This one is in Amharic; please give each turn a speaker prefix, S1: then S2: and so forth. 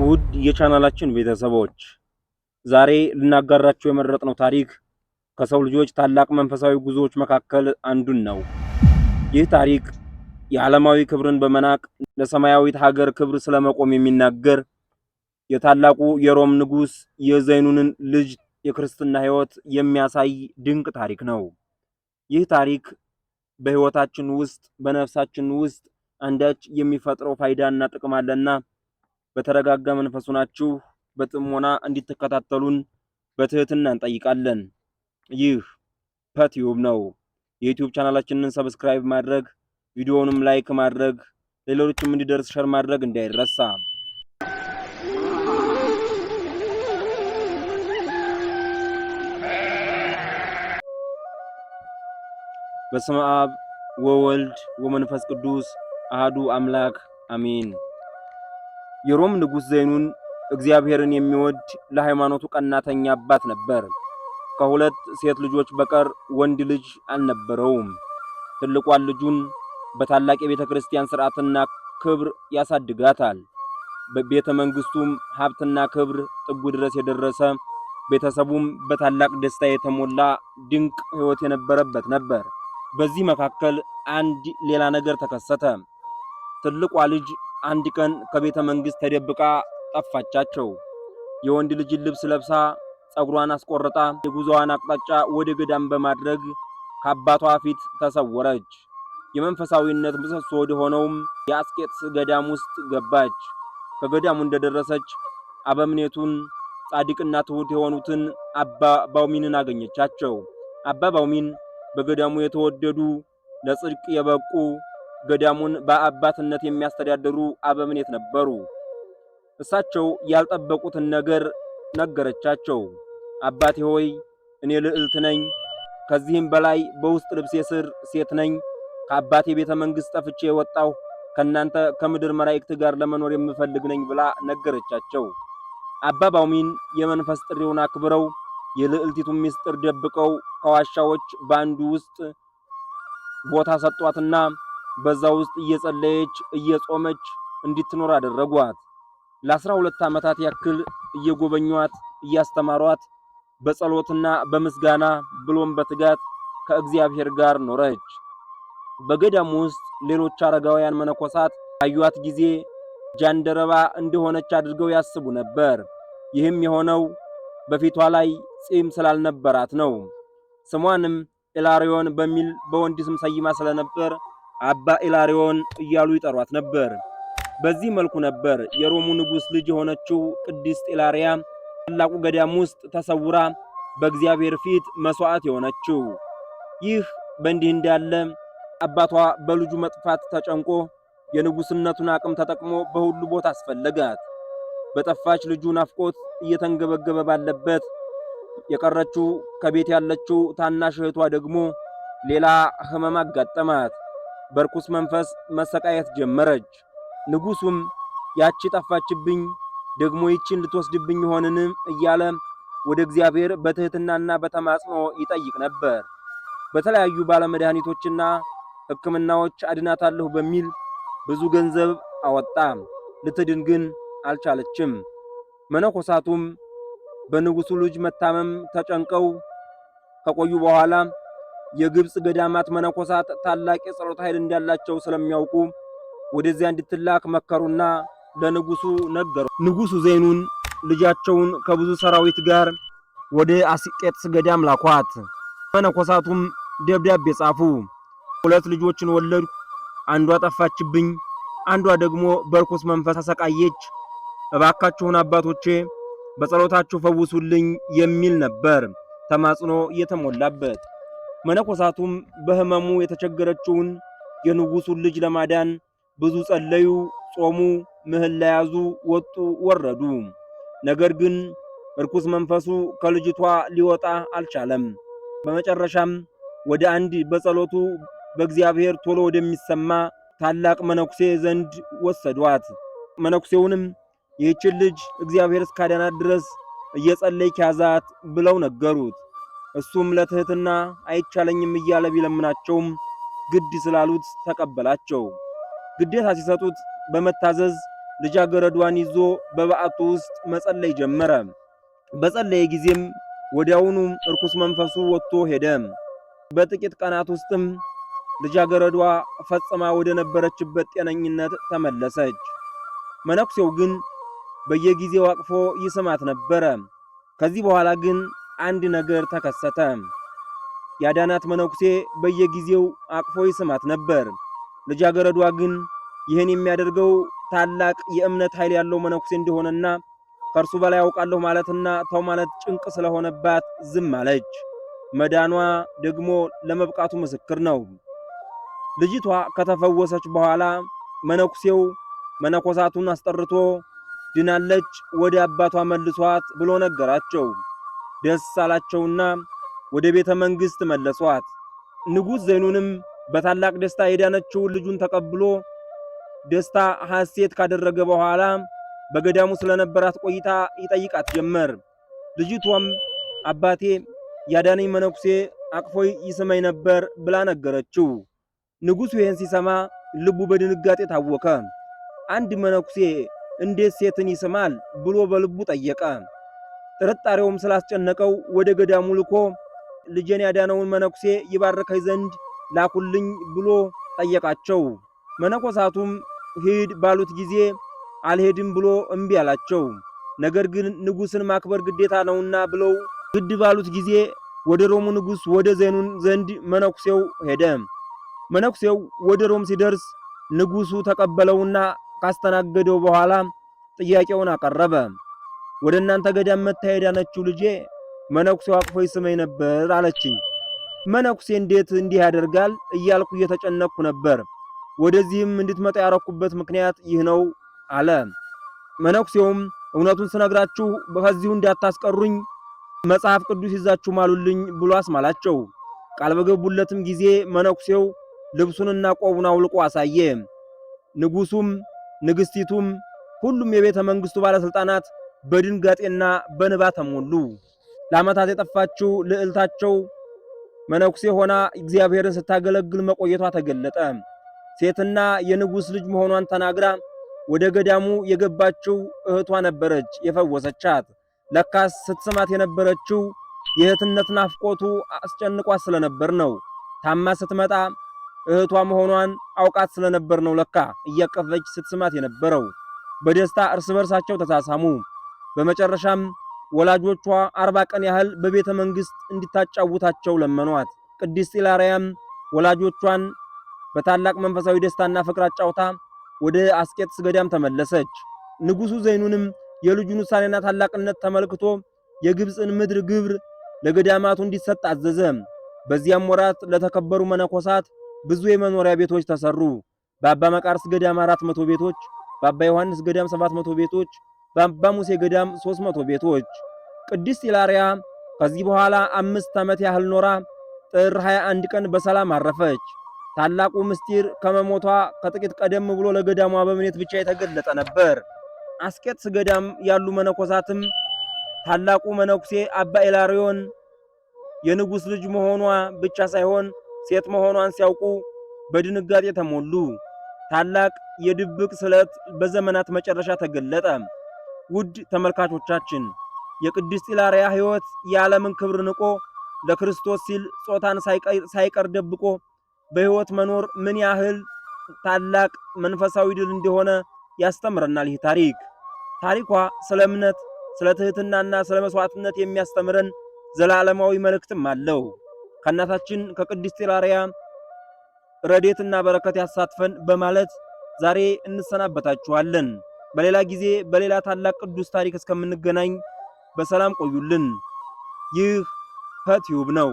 S1: ውድ የቻናላችን ቤተሰቦች ዛሬ ልናጋራችሁ የመረጥነው ታሪክ ከሰው ልጆች ታላቅ መንፈሳዊ ጉዞዎች መካከል አንዱን ነው። ይህ ታሪክ የዓለማዊ ክብርን በመናቅ ለሰማያዊት ሀገር ክብር ስለመቆም የሚናገር የታላቁ የሮም ንጉሥ የዘይኑንን ልጅ የክርስትና ሕይወት የሚያሳይ ድንቅ ታሪክ ነው። ይህ ታሪክ በሕይወታችን ውስጥ በነፍሳችን ውስጥ አንዳች የሚፈጥረው ፋይዳና ጥቅም አለና በተረጋጋ መንፈስ ሆናችሁ በጥሞና እንድትከታተሉን በትህትና እንጠይቃለን። ይህ ፐትዩብ ነው። የዩቲዩብ ቻናላችንን ሰብስክራይብ ማድረግ፣ ቪዲዮውንም ላይክ ማድረግ፣ ሌሎችም እንዲደርስ ሸር ማድረግ እንዳይረሳ። በስመ አብ ወወልድ ወመንፈስ ቅዱስ አህዱ አምላክ አሚን። የሮም ንጉሥ ዘይኑን እግዚአብሔርን የሚወድ ለሃይማኖቱ ቀናተኛ አባት ነበር። ከሁለት ሴት ልጆች በቀር ወንድ ልጅ አልነበረውም። ትልቋን ልጁን በታላቅ የቤተ ክርስቲያን ሥርዓትና ክብር ያሳድጋታል። በቤተ መንግሥቱም ሀብትና ክብር ጥጉ ድረስ የደረሰ ቤተሰቡም በታላቅ ደስታ የተሞላ ድንቅ ሕይወት የነበረበት ነበር። በዚህ መካከል አንድ ሌላ ነገር ተከሰተ። ትልቋ ልጅ አንድ ቀን ከቤተ መንግሥት ተደብቃ ጠፋቻቸው። የወንድ ልጅ ልብስ ለብሳ ጸጉሯን አስቆርጣ የጉዞዋን አቅጣጫ ወደ ገዳም በማድረግ ከአባቷ ፊት ተሰወረች። የመንፈሳዊነት ምሰሶ ወደ ሆነውም የአስቄጥስ ገዳም ውስጥ ገባች። ከገዳሙ እንደደረሰች አበምኔቱን ጻድቅና ትሑት የሆኑትን አባ ባውሚንን አገኘቻቸው። አባ ባውሚን በገዳሙ የተወደዱ ለጽድቅ የበቁ ገዳሙን በአባትነት የሚያስተዳድሩ አበምኔት ነበሩ። እሳቸው ያልጠበቁትን ነገር ነገረቻቸው። አባቴ ሆይ እኔ ልዕልት ነኝ፣ ከዚህም በላይ በውስጥ ልብሴ ስር ሴት ነኝ። ከአባቴ ቤተ መንግሥት ጠፍቼ የወጣሁ ከናንተ ከምድር መላእክት ጋር ለመኖር የምፈልግ ነኝ ብላ ነገረቻቸው። አባ ባውሚን የመንፈስ ጥሪውን አክብረው የልዕልቲቱን ምስጢር ደብቀው ከዋሻዎች በአንዱ ውስጥ ቦታ ሰጧትና በዛ ውስጥ እየጸለየች እየጾመች እንድትኖር አደረጓት። ለአስራ ሁለት ዓመታት ያክል እየጎበኟት እያስተማሯት በጸሎትና በምስጋና ብሎም በትጋት ከእግዚአብሔር ጋር ኖረች። በገዳም ውስጥ ሌሎች አረጋውያን መነኮሳት አዩት ጊዜ ጃንደረባ እንደሆነች አድርገው ያስቡ ነበር። ይህም የሆነው በፊቷ ላይ ጺም ስላልነበራት ነው። ስሟንም ኢላሪዮን በሚል በወንድ ስም ሰይማ ስለነበር አባ ኢላሪዮን እያሉ ይጠሯት ነበር። በዚህ መልኩ ነበር የሮሙ ንጉሥ ልጅ የሆነችው ቅድስት ኢላሪያ ታላቁ ገዳም ውስጥ ተሰውራ በእግዚአብሔር ፊት መሥዋዕት የሆነችው። ይህ በእንዲህ እንዳለ አባቷ በልጁ መጥፋት ተጨንቆ የንጉሥነቱን አቅም ተጠቅሞ በሁሉ ቦታ አስፈለጋት። በጠፋች ልጁ ናፍቆት እየተንገበገበ ባለበት የቀረችው ከቤት ያለችው ታናሽ እህቷ ደግሞ ሌላ ሕመም አጋጠማት። በርኩስ መንፈስ መሰቃየት ጀመረች። ንጉሱም ያቺ ጠፋችብኝ ደግሞ ይቺን ልትወስድብኝ ይሆንን እያለ ወደ እግዚአብሔር በትሕትናና በተማጽኖ ይጠይቅ ነበር። በተለያዩ ባለመድኃኒቶችና ሕክምናዎች አድናታለሁ በሚል ብዙ ገንዘብ አወጣ። ልትድን ግን አልቻለችም። መነኮሳቱም በንጉሱ ልጅ መታመም ተጨንቀው ከቆዩ በኋላ የግብፅ ገዳማት መነኮሳት ታላቅ የጸሎት ኃይል እንዳላቸው ስለሚያውቁ ወደዚያ እንድትላክ መከሩና ለንጉሱ ነገሩ። ንጉሱ ዘይኑን ልጃቸውን ከብዙ ሰራዊት ጋር ወደ አስቄጥስ ገዳም ላኳት። መነኮሳቱም ደብዳቤ ጻፉ። ሁለት ልጆችን ወለድኩ፣ አንዷ ጠፋችብኝ፣ አንዷ ደግሞ በርኩስ መንፈስ አሰቃየች። እባካችሁን አባቶቼ በጸሎታችሁ ፈውሱልኝ የሚል ነበር ተማጽኖ የተሞላበት። መነኮሳቱም በሕመሙ የተቸገረችውን የንጉሱን ልጅ ለማዳን ብዙ ጸለዩ፣ ጾሙ፣ ምህላ ያዙ፣ ወጡ፣ ወረዱ። ነገር ግን እርኩስ መንፈሱ ከልጅቷ ሊወጣ አልቻለም። በመጨረሻም ወደ አንድ በጸሎቱ በእግዚአብሔር ቶሎ ወደሚሰማ ታላቅ መነኩሴ ዘንድ ወሰዷት። መነኩሴውንም ይህችን ልጅ እግዚአብሔር እስካዳናት ድረስ እየጸለይ ኪያዛት ብለው ነገሩት። እሱም ለትህትና አይቻለኝም እያለ ቢለምናቸውም ግድ ስላሉት ተቀበላቸው። ግዴታ ሲሰጡት በመታዘዝ ልጃገረዷን ይዞ በበዓቱ ውስጥ መጸለይ ጀመረ። በጸለየ ጊዜም ወዲያውኑ እርኩስ መንፈሱ ወጥቶ ሄደ። በጥቂት ቀናት ውስጥም ልጃገረዷ ፈጽማ ወደ ነበረችበት ጤነኝነት ተመለሰች። መነኩሴው ግን በየጊዜው አቅፎ ይስማት ነበረ። ከዚህ በኋላ ግን አንድ ነገር ተከሰተ። ያዳናት መነኩሴ በየጊዜው አቅፎ ይስማት ነበር። ልጃገረዷ ግን ይህን የሚያደርገው ታላቅ የእምነት ኃይል ያለው መነኩሴ እንደሆነና ከእርሱ በላይ አውቃለሁ ማለትና ተው ማለት ጭንቅ ስለሆነባት ዝም አለች። መዳኗ ደግሞ ለመብቃቱ ምስክር ነው። ልጅቷ ከተፈወሰች በኋላ መነኩሴው መነኮሳቱን አስጠርቶ ድናለች፣ ወደ አባቷ መልሷት ብሎ ነገራቸው። ደስ አላቸውና ወደ ቤተ መንግሥት መለሷት። ንጉሥ ዘይኑንም በታላቅ ደስታ የዳነችውን ልጁን ተቀብሎ ደስታ ሐሴት ካደረገ በኋላ በገዳሙ ስለነበራት ቆይታ ይጠይቃት ጀመር። ልጅቷም አባቴ ያዳነኝ መነኩሴ አቅፎይ ይስመኝ ነበር ብላ ነገረችው። ንጉሡ ይህን ሲሰማ ልቡ በድንጋጤ ታወከ። አንድ መነኩሴ እንዴት ሴትን ይስማል ብሎ በልቡ ጠየቀ። ጥርጣሬውም ስላስጨነቀው ወደ ገዳሙ ልኮ ልጄን ያዳነውን መነኩሴ ይባርከኝ ዘንድ ላኩልኝ ብሎ ጠየቃቸው። መነኮሳቱም ሂድ ባሉት ጊዜ አልሄድም ብሎ እምቢ አላቸው። ነገር ግን ንጉሥን ማክበር ግዴታ ነውና ብለው ግድ ባሉት ጊዜ ወደ ሮሙ ንጉሥ ወደ ዜኑን ዘንድ መነኩሴው ሄደ። መነኩሴው ወደ ሮም ሲደርስ ንጉሡ ተቀበለውና ካስተናገደው በኋላ ጥያቄውን አቀረበ። ወደ እናንተ ገዳም መታ ሄዳነችው ልጄ መነኩሴው አቅፎ ይስመኝ ነበር አለችኝ። መነኩሴ እንዴት እንዲህ ያደርጋል እያልኩ እየተጨነቅኩ ነበር። ወደዚህም እንድትመጣ ያረኩበት ምክንያት ይህ ነው አለ። መነኩሴውም እውነቱን ስነግራችሁ ከዚሁ እንዳታስቀሩኝ መጽሐፍ ቅዱስ ይዛችሁ ማሉልኝ ብሎ አስማላቸው። ቃል በገቡለትም ጊዜ መነኩሴው ልብሱንና ቆቡን አውልቆ አሳየ። ንጉሱም ንግስቲቱም ሁሉም የቤተ መንግስቱ ባለስልጣናት በድንጋጤና በንባ ተሞሉ። ለዓመታት የጠፋችው ልዕልታቸው መነኩሴ ሆና እግዚአብሔርን ስታገለግል መቆየቷ ተገለጠ። ሴትና የንጉሥ ልጅ መሆኗን ተናግራ ወደ ገዳሙ የገባችው እህቷ ነበረች የፈወሰቻት። ለካስ ስትስማት የነበረችው የእህትነት ናፍቆቱ አስጨንቋት ስለነበር ነው። ታማ ስትመጣ እህቷ መሆኗን አውቃት ስለነበር ነው ለካ እያቀፈች ስትስማት የነበረው። በደስታ እርስ በርሳቸው ተሳሳሙ። በመጨረሻም ወላጆቿ አርባ ቀን ያህል በቤተ መንግሥት እንዲታጫውታቸው ለመኗት። ቅድስት ኢላርያም ወላጆቿን በታላቅ መንፈሳዊ ደስታና ፍቅር አጫውታ ወደ አስቄጥስ ገዳም ተመለሰች። ንጉሡ ዘይኑንም የልጁን ውሳኔና ታላቅነት ተመልክቶ የግብፅን ምድር ግብር ለገዳማቱ እንዲሰጥ አዘዘ። በዚያም ወራት ለተከበሩ መነኮሳት ብዙ የመኖሪያ ቤቶች ተሰሩ። በአባ መቃርስ ገዳም አራት ቤቶች፣ በአባ ዮሐንስ ገዳም 700 ቤቶች በአባ ሙሴ ገዳም 300 ቤቶች። ቅድስት ኢላሪያ ከዚህ በኋላ አምስት ዓመት ያህል ኖራ ጥር 21 ቀን በሰላም አረፈች። ታላቁ ምስጢር ከመሞቷ ከጥቂት ቀደም ብሎ ለገዳሟ በምኔት ብቻ የተገለጠ ነበር። አስቄጥስ ገዳም ያሉ መነኮሳትም ታላቁ መነኩሴ አባ ኢላሪዮን የንጉሥ ልጅ መሆኗ ብቻ ሳይሆን ሴት መሆኗን ሲያውቁ በድንጋጤ ተሞሉ። ታላቅ የድብቅ ስለት በዘመናት መጨረሻ ተገለጠ። ውድ ተመልካቾቻችን የቅድስት ኢላርያ ሕይወት የዓለምን ክብር ንቆ ለክርስቶስ ሲል ጾታን ሳይቀር ደብቆ በሕይወት መኖር ምን ያህል ታላቅ መንፈሳዊ ድል እንደሆነ ያስተምረናል። ይህ ታሪክ ታሪኳ ስለ እምነት፣ ስለ ትሕትናና ስለ መሥዋዕትነት የሚያስተምረን ዘላለማዊ መልእክትም አለው። ከእናታችን ከቅድስት ኢላርያ ረዴትና በረከት ያሳትፈን በማለት ዛሬ እንሰናበታችኋለን። በሌላ ጊዜ በሌላ ታላቅ ቅዱስ ታሪክ እስከምንገናኝ በሰላም ቆዩልን። ይህ ፈትዩብ ነው።